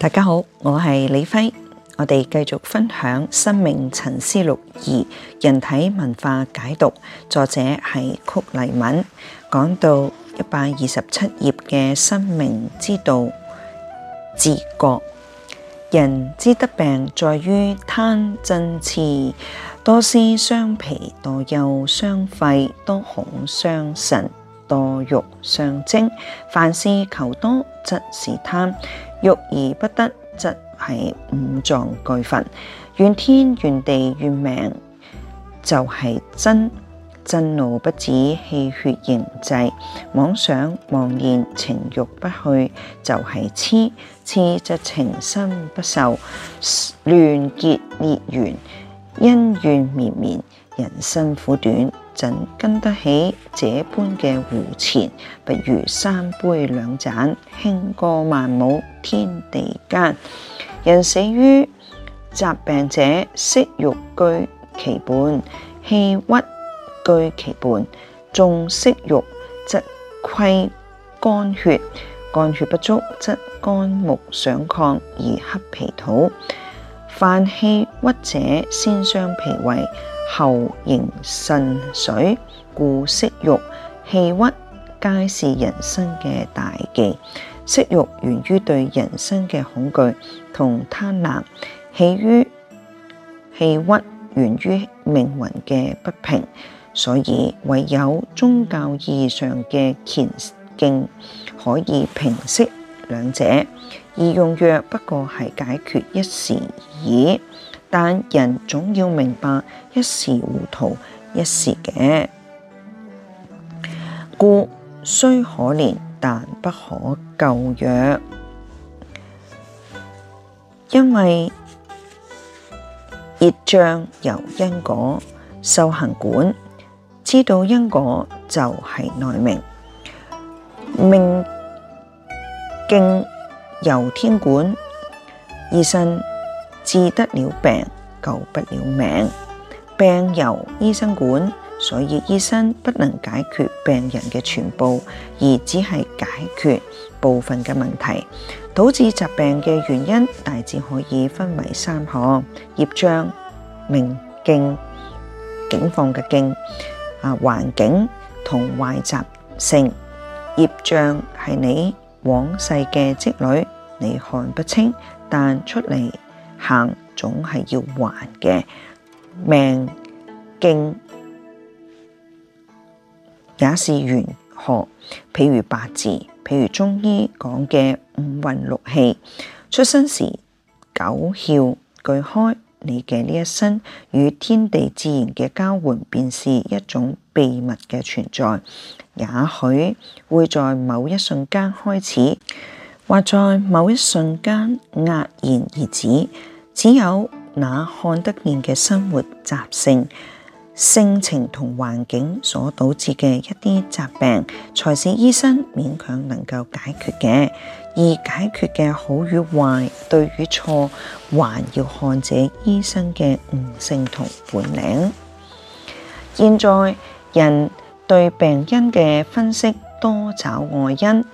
大家好，我係李輝，我哋繼續分享《生命沉思錄二：人體文化解讀》，作者係曲黎敏，講到一百二十七頁嘅《生命之道》，治國人之得病在於貪嗔癡，多思傷脾，多憂傷肺，多恐傷神，多欲傷精，凡事求多則是貪，欲而不得則係五臟俱焚，怨天怨地怨命就係、是、嗔，嗔怒不止，氣血凝滯，妄想妄念情欲不去就係、是、痴癡則情深不壽，亂結孽緣，恩怨綿綿，人生苦短。怎跟得起這般嘅胡纏？不如三杯兩盞，輕歌曼舞天地間。人死於疾病者，色欲居其半，氣鬱居其半。重色欲則虧肝血，肝血不足則肝木上亢而克脾土。犯氣鬱者先傷脾胃。後形腎水，故色欲氣鬱，皆是人生嘅大忌。色欲源於對人生嘅恐懼同貪婪，氣於氣鬱源於命運嘅不平。所以唯有宗教意義上嘅虔敬可以平息兩者，而用藥不過係解決一時而已。但人總要明白一時糊塗一時嘅，故雖可憐但不可救藥，因為業障由因果、修行管，知道因果就係耐命，命徑由天管，一心。治得了病，救不了命。病由醫生管，所以醫生不能解決病人嘅全部，而只係解決部分嘅問題。導致疾病嘅原因大致可以分為三項：業障、命境、境況嘅境啊，環境同壞習性。業障係你往世嘅積累，你看不清，但出嚟。行總係要還嘅，命經也是玄學，譬如八字，譬如中醫講嘅五運六氣。出生時九竅俱開，你嘅呢一生與天地自然嘅交換，便是一種秘密嘅存在，也許會在某一瞬間開始，或在某一瞬間戛然而止，只有那看得見嘅生活習性、性情同環境所導致嘅一啲疾病，才是醫生勉強能夠解決嘅。而解決嘅好與壞、對與錯，還要看這醫生嘅悟性同本領。現在人對病因嘅分析多找外因，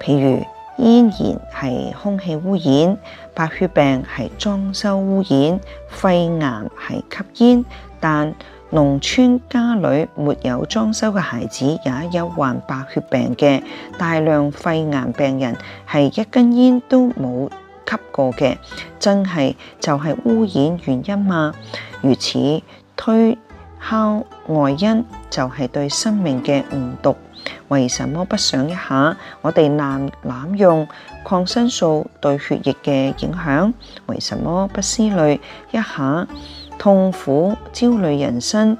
譬如，咽炎係空氣污染，白血病係裝修污染，肺癌係吸煙。但農村家裏沒有裝修嘅孩子也有患白血病嘅，大量肺癌病人係一根煙都冇吸過嘅，真係就係污染原因嘛？如此推敲外因，就係對生命嘅誤讀。為什麼不想一下我哋濫濫用抗生素對血液嘅影響？為什麼不思慮一下痛苦焦慮人生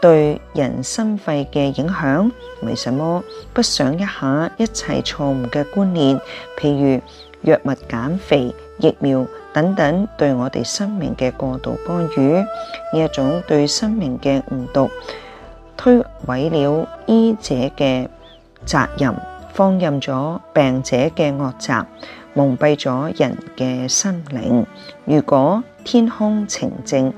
對人心肺嘅影響？為什麼不想一下一切錯誤嘅觀念，譬如藥物減肥、疫苗等等對我哋生命嘅過度干預，呢一種對生命嘅誤讀，推毀了醫者嘅責任放任咗病者嘅惡習，蒙蔽咗人嘅心靈。如果天空澄淨，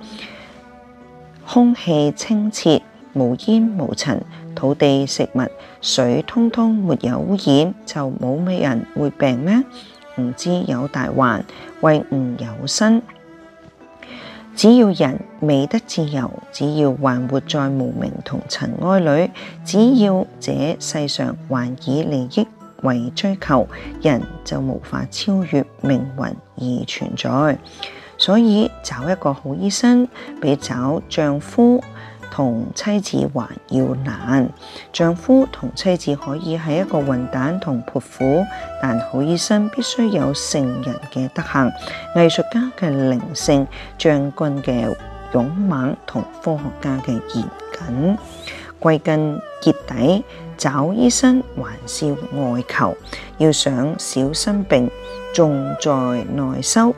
空氣清澈，無煙無塵，土地食物、水通通沒有污染，就冇咩人會病咩？吾知有大患，為吾有身。只要人未得自由，只要還活在無名同塵埃裏，只要這世上還以利益為追求，人就無法超越命運而存在。所以找一個好醫生，比找丈夫。同妻子還要難，丈夫同妻子可以係一個混蛋同潑婦，但好醫生必須有聖人嘅德行，藝術家嘅靈性，將軍嘅勇猛同科學家嘅嚴謹。歸根結底，找醫生還是外求，要想少生病，重在內修。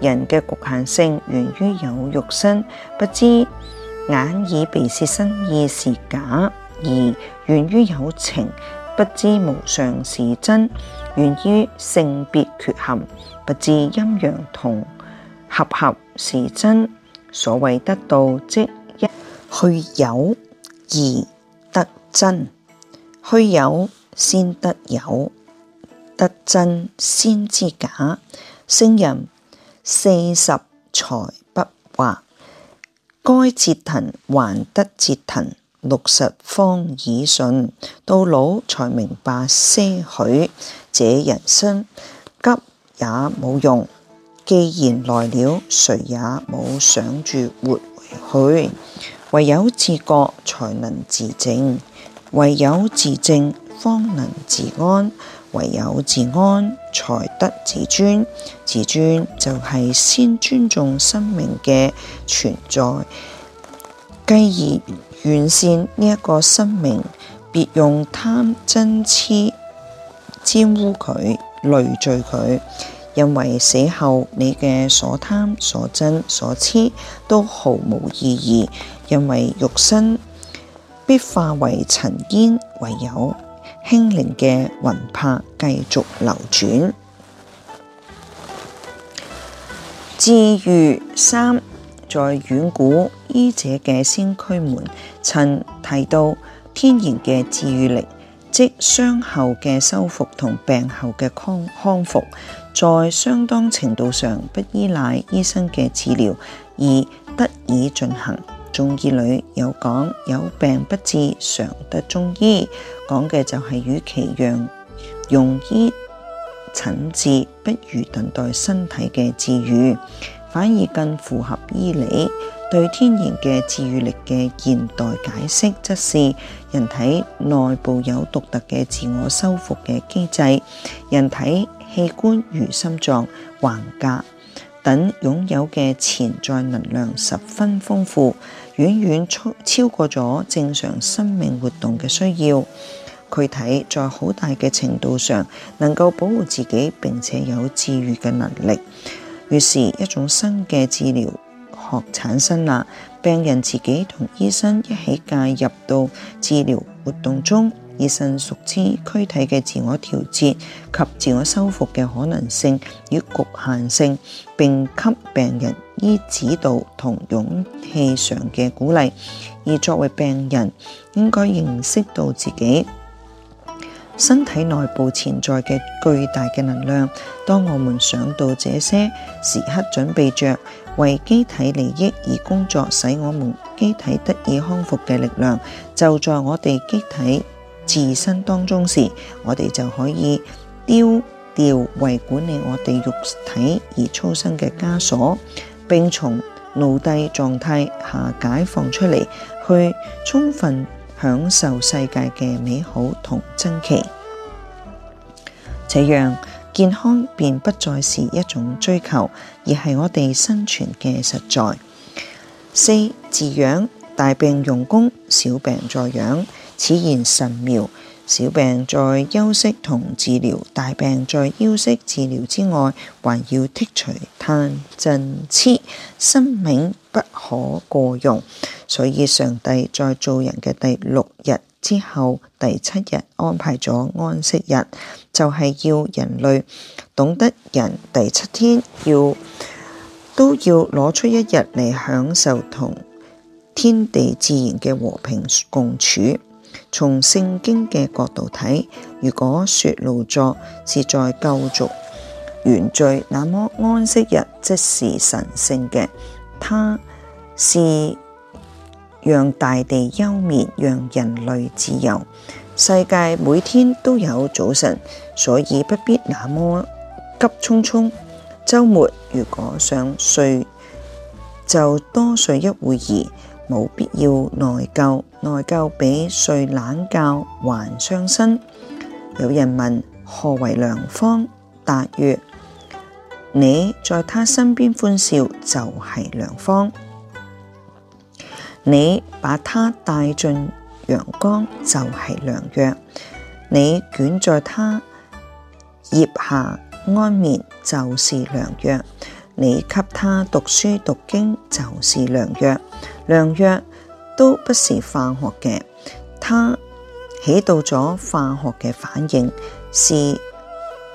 人嘅局限性源於有肉身，不知眼耳鼻舌身意是假，而源於有情，不知無常是真；源於性別缺陷，不知陰陽同合合是真。所謂得道，即一去有而得真，虛有先得有，得真先知假。聖人四十才不惑。該折騰還得折騰，六十方以順，到老才明白些許。這人生急也冇用，既然來了，誰也冇想住活回去。唯有自覺才能自證，唯有自證方能自安。唯有自安，才得自尊。自尊就係先尊重生命嘅存在，繼而完善呢一個生命。別用貪、嗔、癡沾污佢、累贅佢，因為死後你嘅所貪、所嗔、所癡都毫無意義，因為肉身必化為塵煙，唯有。輕靈嘅魂魄繼續流轉。治愈三，在遠古醫者嘅先驅們曾提到，天然嘅治愈力，即傷後嘅修復同病後嘅康康復，在相當程度上不依賴醫生嘅治療而得以進行。中醫裏有講，有病不治，常得中醫。講嘅就係與其讓庸醫診治，不如等待身體嘅治愈，反而更符合醫理。對天然嘅治愈力嘅現代解釋，則是人體內部有獨特嘅自我修復嘅機制。人體器官如心臟、橫隔等擁有嘅潛在能量十分豐富。遠遠超超過咗正常生命活動嘅需要，佢睇在好大嘅程度上能夠保護自己，並且有治愈嘅能力。於是，一種新嘅治療學產生啦，病人自己同醫生一起介入到治療活動中。醫生熟知軀體嘅自我調節及自我修復嘅可能性與局限性，並給病人以指導同勇氣上嘅鼓勵。而作為病人，應該認識到自己身體內部潛在嘅巨大嘅能量。當我們想到這些時刻，準備着為機體利益而工作，使我們機體得以康復嘅力量，就在我哋機體自身當中時，我哋就可以丟掉為管理我哋肉體而操心嘅枷鎖，並從奴隸狀態下解放出嚟，去充分享受世界嘅美好同珍奇。這樣，健康便不再是一種追求，而係我哋生存嘅實在。四、自養，大病用功，小病再養。此言神妙，小病在休息同治療，大病在休息治療之外，還要剔除貪嗔痴，生命不可過用。所以上帝在做人嘅第六日之後，第七日安排咗安息日，就係、是、要人類懂得人第七天要都要攞出一日嚟享受同天地自然嘅和平共處。從聖經嘅角度睇，如果說勞作是在救贖原罪，那麼安息日即是神聖嘅，它是讓大地休眠，讓人類自由。世界每天都有早晨，所以不必那麼急匆匆。週末如果想睡，就多睡一會兒。冇必要內疚，內疚比睡懶覺還傷身。有人問何為良方，答曰：你在他身邊歡笑就係、是、良方，你把他帶進陽光就係、是、良藥，你捲在他腋下安眠就是良藥，你給他讀書讀經就是良藥。良藥都不是化學嘅，它起到咗化學嘅反應，是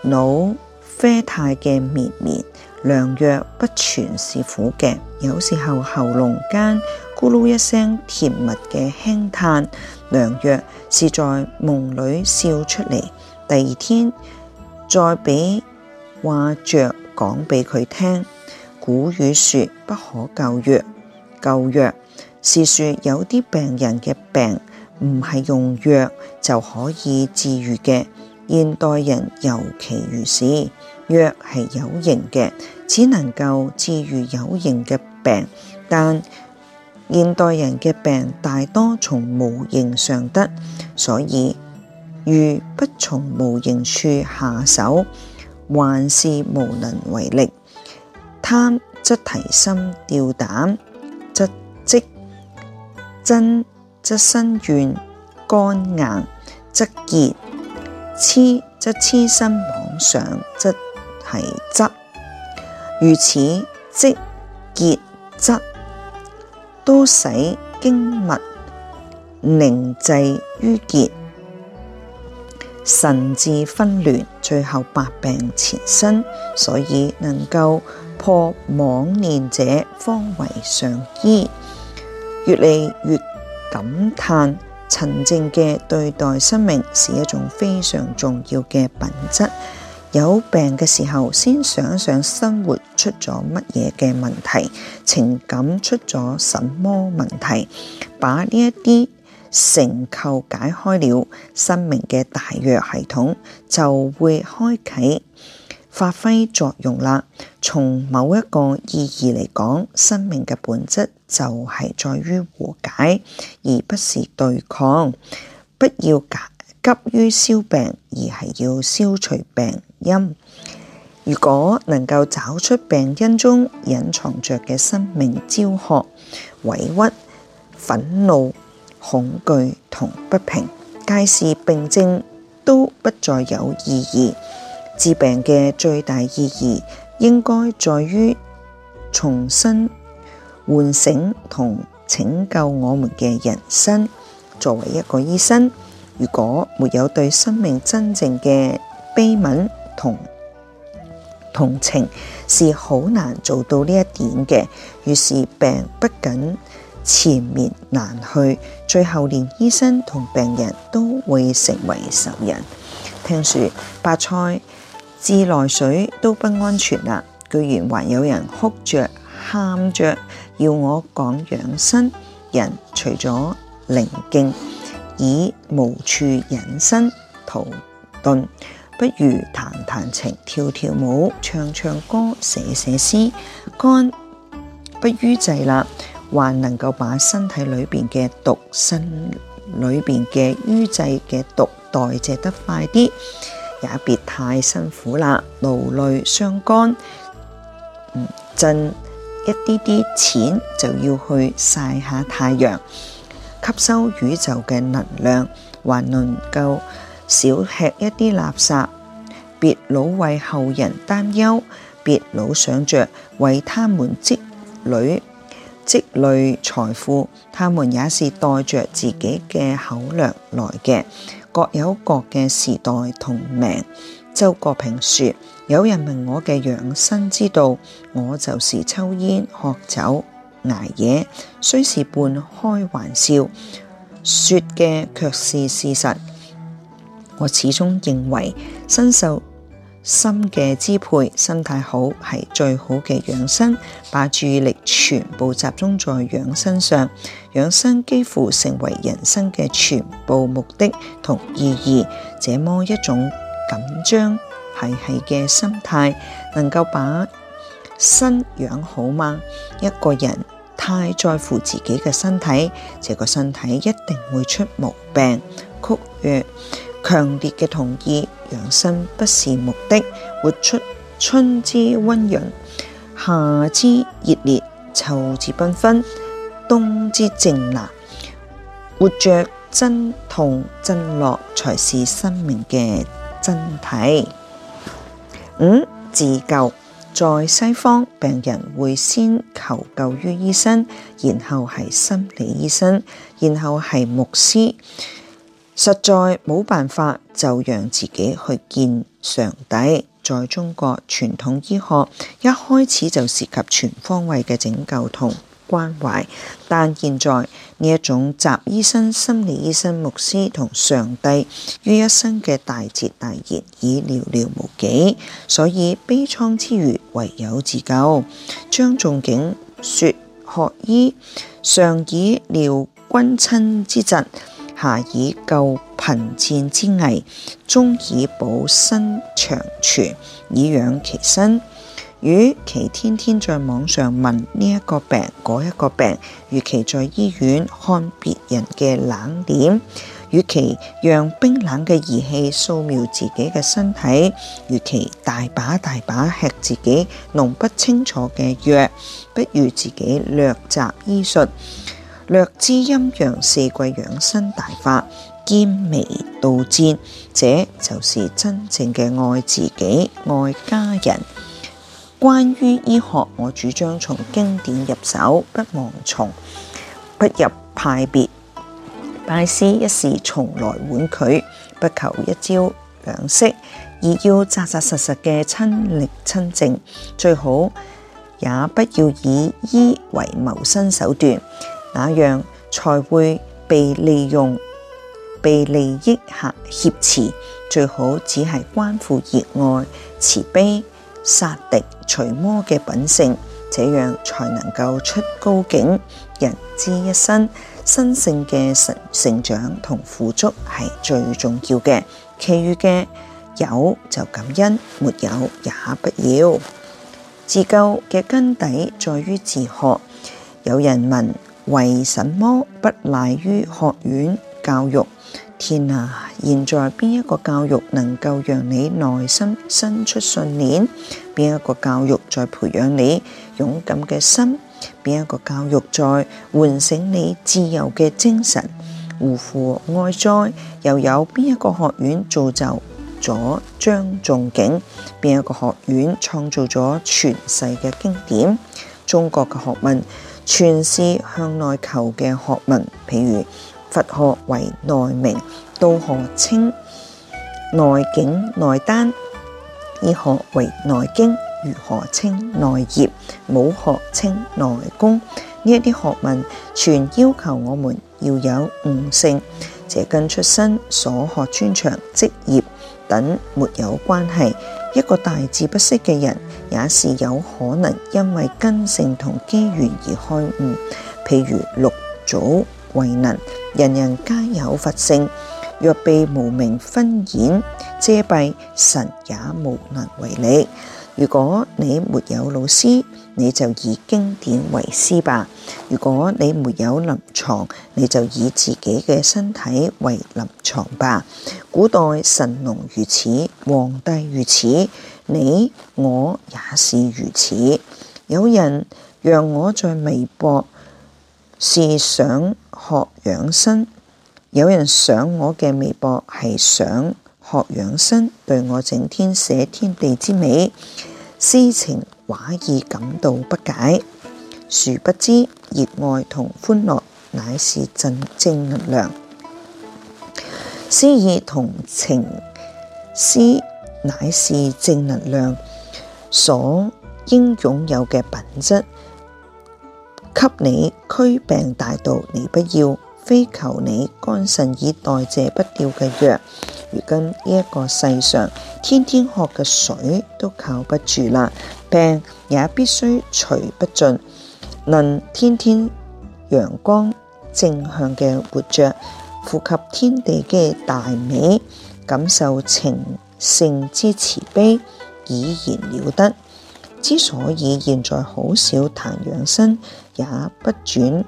腦啡肽嘅綿綿。良藥不全是苦嘅，有時候喉嚨間咕嚕一聲甜蜜嘅輕嘆。良藥是在夢裏笑出嚟，第二天再俾話着講俾佢聽。古語說不可救藥，救藥。是說有啲病人嘅病唔係用藥就可以治愈嘅，現代人尤其如是，藥係有形嘅，只能夠治愈有形嘅病，但現代人嘅病大多從無形上得，所以如不從無形處下手，還是無能為力。貪則提心吊膽。真則身軟，肝硬則結，痴則痴心妄想，則係執。如此積結則都使經脈凝滯淤結，神志紛亂，最後百病纏身。所以能夠破妄念者方，方為上醫。越嚟越感嘆，沉靜嘅對待生命是一種非常重要嘅品質。有病嘅時候，先想想生活出咗乜嘢嘅問題，情感出咗什麼問題，把呢一啲成扣解開了，生命嘅大藥系統就會開啟。發揮作用啦！從某一個意義嚟講，生命嘅本質就係在於和解，而不是對抗。不要急急於消病，而係要消除病因。如果能夠找出病因中隱藏着嘅生命焦渴、委屈、憤怒、恐懼同不平，屆時病症都不再有意義。治病嘅最大意義，應該在於重新喚醒同拯救我們嘅人生。作為一個醫生，如果沒有對生命真正嘅悲憫同同情，是好難做到呢一點嘅。於是，病，不僅纏綿難去，最後連醫生同病人都會成為仇人。聽說白菜。自來水都不安全啦，居然還有人哭着喊着要我講養生。人除咗寧靜已無處隱身逃遁，不如談談情、跳跳舞、唱唱歌、寫寫詩，肝不淤滯啦，還能夠把身體裏邊嘅毒、身裏邊嘅淤滯嘅毒代謝得快啲。也別太辛苦啦，勞累傷肝。掙一啲啲錢就要去曬下太陽，吸收宇宙嘅能量，還能夠少吃一啲垃圾。別老為後人擔憂，別老想着為他們積累積累財富，他們也是帶着自己嘅口糧來嘅。各有各嘅時代同名。周國平說：有人問我嘅養生之道，我就是抽煙、喝酒、挨夜，雖是半開玩笑，說嘅卻是事實。我始終認為，身受。.心嘅支配，心態好係最好嘅養生。把注意力全部集中在養身上，養生幾乎成為人生嘅全部目的同意義。這麼一種緊張系系嘅心態，能夠把身養好嗎？一個人太在乎自己嘅身體，這個身體一定會出毛病。曲若強烈嘅同意。養生不是目的，活出春之溫潤、夏之熱烈、秋之繽紛、冬之靜雅。活着真痛真樂才是生命嘅真諦。五、嗯、自救，在西方，病人會先求救於醫生，然後係心理醫生，然後係牧師。實在冇辦法，就讓自己去見上帝。在中國傳統醫學一開始就涉及全方位嘅拯救同關懷，但現在呢一種集醫生、心理醫生、牧師同上帝於一身嘅大哲大賢已寥寥無幾，所以悲愴之餘，唯有自救。張仲景說：學醫上以療君親之疾。下以救貧賤之危，中以保身長全，以養其身。與其天天在網上問呢一個病嗰一個病，與其在醫院看別人嘅冷臉，與其讓冰冷嘅儀器掃描自己嘅身體，與其大把大把吃自己弄不清楚嘅藥，不如自己略習醫術。略知陰陽四季養生大法，防微杜漸，這就是真正嘅愛自己、愛家人。關於醫學，我主張從經典入手，不盲從，不入派別。拜師一事，從來婉拒，不求一招兩式，而要扎扎實實嘅親力親證。最好也不要以醫為謀生手段。那樣才會被利用、被利益和挾持。最好只係關乎熱愛、慈悲、殺敵除魔嘅品性，這樣才能夠出高境。人之一身，生性嘅成成長同富足係最重要嘅，其餘嘅有就感恩，沒有也不要。自救嘅根底在於自學。有人問。為什麼不賴於學院教育？天啊，現在邊一個教育能夠讓你內心伸出信念？邊一個教育在培養你勇敢嘅心？邊一個教育在喚醒你自由嘅精神？嗚呼哀哉，又有邊一個學院造就咗張仲景？邊一個學院創造咗傳世嘅經典？中國嘅學問？全是向內求嘅學問，譬如佛學為內明，道學稱內景內丹，醫學為內經，儒學稱內業，武學稱內功。呢一啲學問，全要求我們要有悟性，這跟出身、所學專長、職業等沒有關係。一個大字不識嘅人，也是有可能因為根性同機緣而開悟。譬如六祖慧能，人人皆有佛性，若被無明熏染遮蔽，神也無能為力。如果你沒有老師，你就以經典為師吧；如果你沒有臨床，你就以自己嘅身體為臨床吧。古代神農如此，皇帝如此，你我也是如此。有人讓我在微博是想學養生，有人想我嘅微博係想學養生，對我整天寫天地之美、詩情畫意，感到不解。殊不知，熱愛同歡樂乃是正正能量，詩意同情詩乃是正能量所應擁有嘅品質。給你驅病大道，你不要非求你肝腎以代謝不掉嘅藥。如今呢一個世上，天天喝嘅水都靠不住啦，病也必須除不盡。能天天陽光正向嘅活着，呼吸天地嘅大美，感受情性之慈悲，已然了得。之所以現在好少談養生，也不轉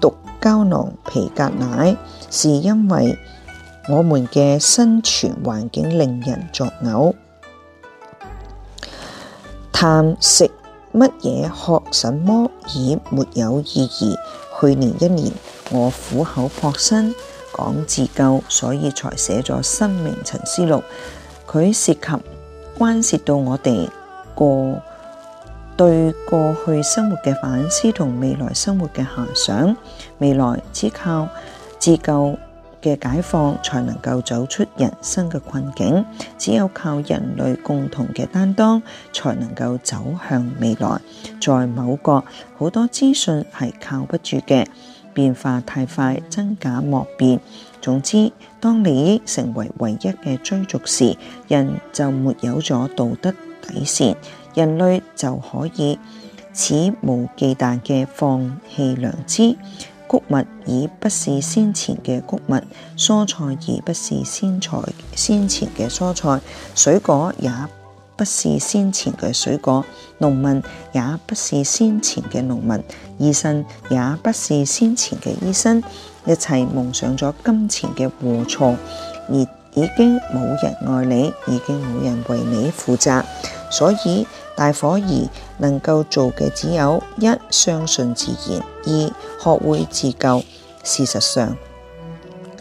毒膠囊皮革奶，是因為，我們的生存環境令人作嘔。談食乜嘢學什麼，已沒有意義。去年一年，我苦口婆心講自救，所以才寫了生命沉思錄。佢涉及關涉到我哋過對過去生活的反思同未來生活的遐想，未來只靠自救嘅解放，才能夠走出人生嘅困境；只有靠人類共同嘅擔當，才能夠走向未來。在某國，好多資訊係靠不住嘅，變化太快，真假莫辨。總之，當利益成為唯一嘅追逐時，人就沒有咗道德底線，人類就可以肆無忌憚嘅放棄良知。谷物已不是先前嘅谷物，蔬菜已不是先菜先前嘅蔬菜，水果也不是先前嘅水果，農民也不是先前嘅農民，醫生也不是先前嘅醫生，一切蒙上咗金錢嘅禍錯，而已經冇人愛你，已經冇人為你負責。所以大伙兒能夠做嘅只有一相信自然，二學會自救。事實上，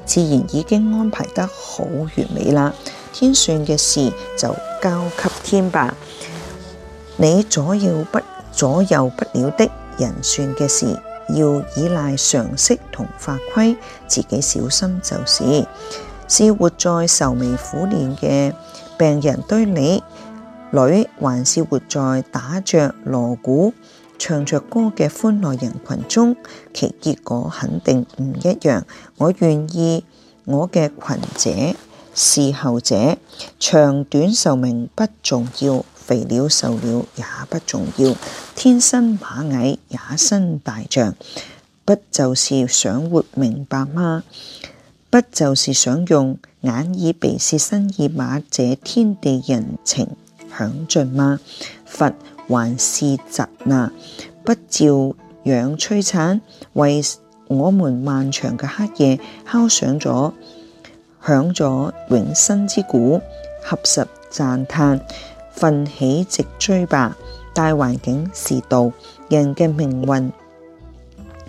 自然已經安排得好完美啦。天算嘅事就交給天吧。你左右不左右不了的人算嘅事，要依賴常識同法規，自己小心就是。生活在愁眉苦臉嘅病人堆裏，女還是活在打著鑼鼓、唱着歌嘅歡樂人群中，其結果肯定唔一樣。我願意我嘅羣者，是後者，長短壽命不重要，肥了瘦了也不重要，天生螞蟻也生大象，不就是想活明白嗎？不就是想用眼耳鼻舌身意馬這天地人情？享盡嗎？佛還是接納？不照樣摧殘，為我們漫長嘅黑夜敲響咗響咗永生之鼓，合十讚嘆，奮起直追吧！大環境是道，人嘅命運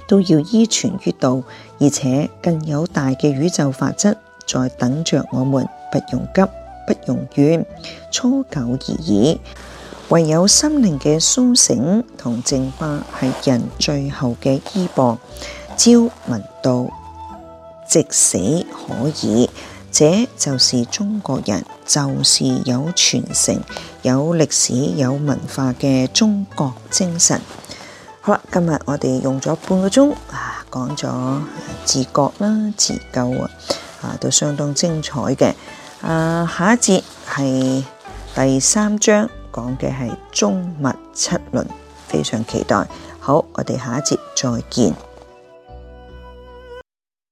都要依存於道，而且更有大嘅宇宙法則在等着我們，不用急。不容易，粗苟而已。唯有心靈嘅蘇醒同淨化係人最後嘅依傍。朝聞道，夕死可以。這就是中國人，就是有傳承、有歷史、有文化嘅中國精神。好啦，今日我哋用咗半個鐘啊，講咗自覺啦、自救啊，啊都相當精彩嘅。啊！下一節係第三章，講嘅係中脈七輪，非常期待。好，我哋下一節再見。